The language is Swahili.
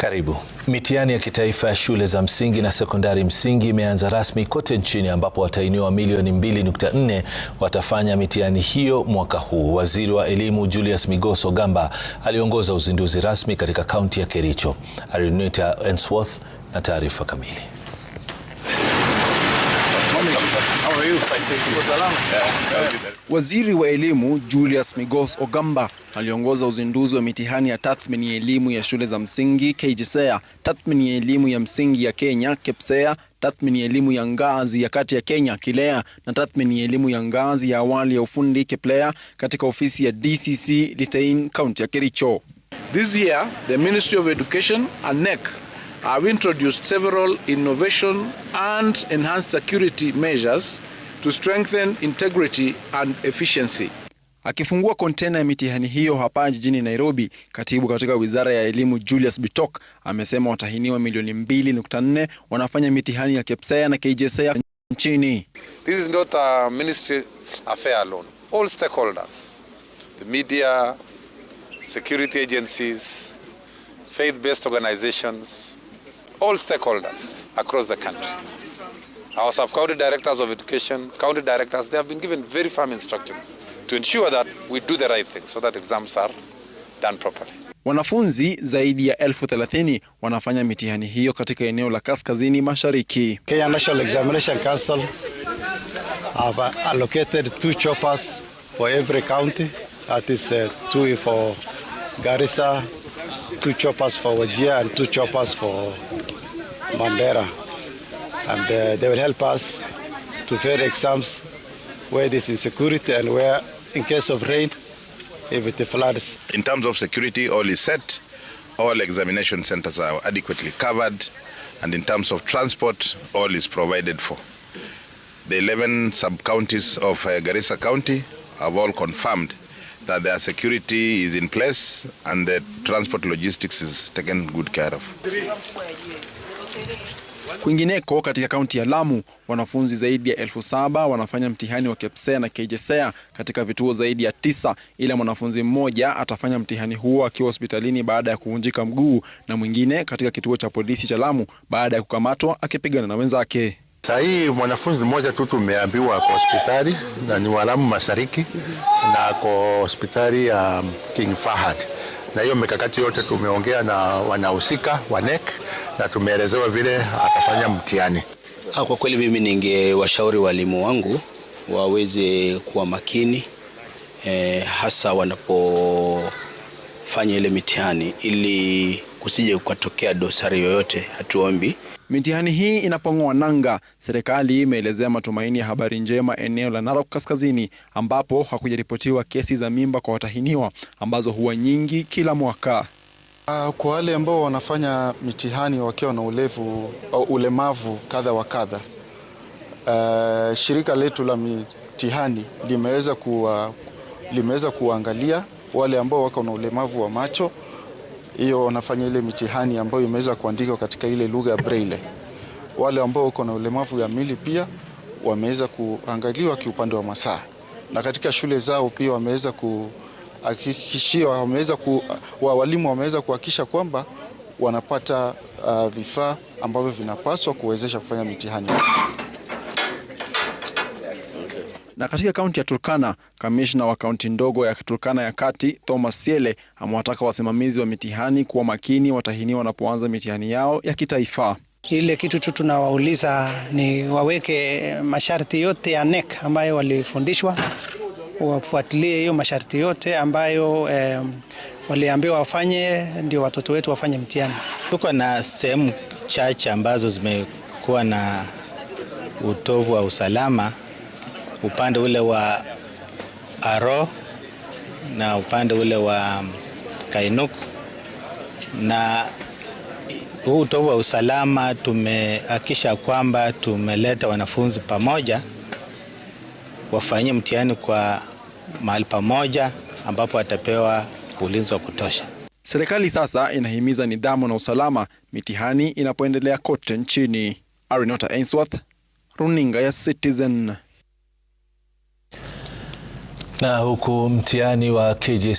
Karibu. Mitihani ya kitaifa ya shule za msingi na sekondari msingi imeanza rasmi kote nchini ambapo watahiniwa milioni 2.4 watafanya mitihani hiyo mwaka huu. Waziri wa Elimu Julius Migos Ogamba aliongoza uzinduzi rasmi katika kaunti ya Kericho. Arinita Ensworth na taarifa kamili. How are you? Waziri wa elimu Julius Migos Ogamba aliongoza uzinduzi wa mitihani ya tathmini ya elimu ya shule za msingi KJSEA, tathmini ya elimu ya msingi ya Kenya KEPSEA, tathmini ya elimu ya ngazi ya kati ya Kenya KILEA na tathmini ya elimu ya ngazi ya awali ya ufundi KEPLEA katika ofisi ya DCC Litein, kaunti ya Kericho. This year, the Ministry of Education and NEC have introduced several innovation and enhanced security measures to strengthen integrity and efficiency. Akifungua kontena ya mitihani hiyo hapa jijini Nairobi, katibu katika wizara ya elimu Julius Bitok amesema watahiniwa milioni 2.4 wanafanya mitihani ya KPSEA na KJSEA nchini. This is not a ministry affair alone. All stakeholders, the media, security agencies, faith-based organizations, all stakeholders across the country. Our sub-county directors of education, county directors, they have been given very firm instructions to ensure that we do the right thing so that exams are done properly. Wanafunzi zaidi ya elfu thelathini wanafanya mitihani hiyo katika eneo la kaskazini mashariki. Kenya National Examination Council have allocated two choppers for every county. That is uh, two for Garissa, two choppers for Wajir and two choppers for Mandera. And uh, they will help us to fair exams where there's insecurity and where, in case of rain, if it floods. In terms of security, all is set. All examination centers are adequately covered. And in terms of transport, all is provided for. The 11 sub counties of uh, Garissa County have all confirmed that their security is in place and the transport logistics is taken good care of. Kwingineko katika kaunti ya Lamu, wanafunzi zaidi ya elfu saba wanafanya mtihani wa KPSEA na KJSEA katika vituo zaidi ya tisa, ila mwanafunzi mmoja atafanya mtihani huo akiwa hospitalini baada ya kuvunjika mguu na mwingine katika kituo cha polisi cha Lamu baada ya kukamatwa akipigana na wenzake. Saa hii mwanafunzi mmoja tu tumeambiwa ako hospitali na ni walamu mashariki na ako hospitali ya um, King Fahad, na hiyo mikakati yote tumeongea na wanahusika wa NEC na tumeelezewa vile atafanya mtihani. Ah, kwa kweli mimi ningewashauri walimu wangu waweze kuwa makini eh, hasa wanapofanya ile mitihani ili kusije kukatokea dosari yoyote, hatuombi. Mitihani hii inapong'oa nanga, serikali imeelezea matumaini ya habari njema eneo la Narok Kaskazini, ambapo hakujaripotiwa kesi za mimba kwa watahiniwa ambazo huwa nyingi kila mwaka. Ah, kwa wale ambao wanafanya mitihani wakiwa na ulevu au ulemavu kadha wa kadha, uh, shirika letu la mitihani limeweza kuwa, limeweza kuwaangalia wale ambao wako na ulemavu wa macho hiyo wanafanya ile mitihani ambayo imeweza kuandikwa katika ile lugha braille. Wale ambao wako na ulemavu ya mili pia wameweza kuangaliwa kiupande wa masaa, na katika shule zao pia wameweza kuhakikishiwa, wameweza ku, walimu wameweza kuhakikisha kwamba wanapata uh, vifaa ambavyo vinapaswa kuwezesha kufanya mitihani. Na katika kaunti ya Turkana, kamishna wa kaunti ndogo ya Turkana ya Kati Thomas Siele amewataka wasimamizi wa mitihani kuwa makini watahiniwa wanapoanza mitihani yao ya kitaifa. Ile kitu tu tunawauliza ni waweke masharti yote ya NEC ambayo walifundishwa, wafuatilie hiyo masharti yote ambayo eh, waliambiwa wafanye, ndio watoto wetu wafanye mtihani. Tuko na sehemu chache ambazo zimekuwa na utovu wa usalama upande ule wa Aro na upande ule wa Kainuk, na huu utovu wa usalama tumehakisha kwamba tumeleta wanafunzi pamoja wafanyie mtihani kwa mahali pamoja ambapo watapewa ulinzi wa kutosha. Serikali sasa inahimiza nidhamu na usalama mitihani inapoendelea kote nchini. Arinota Ainsworth, Runinga ya Citizen. Na huku mtihani wa KJC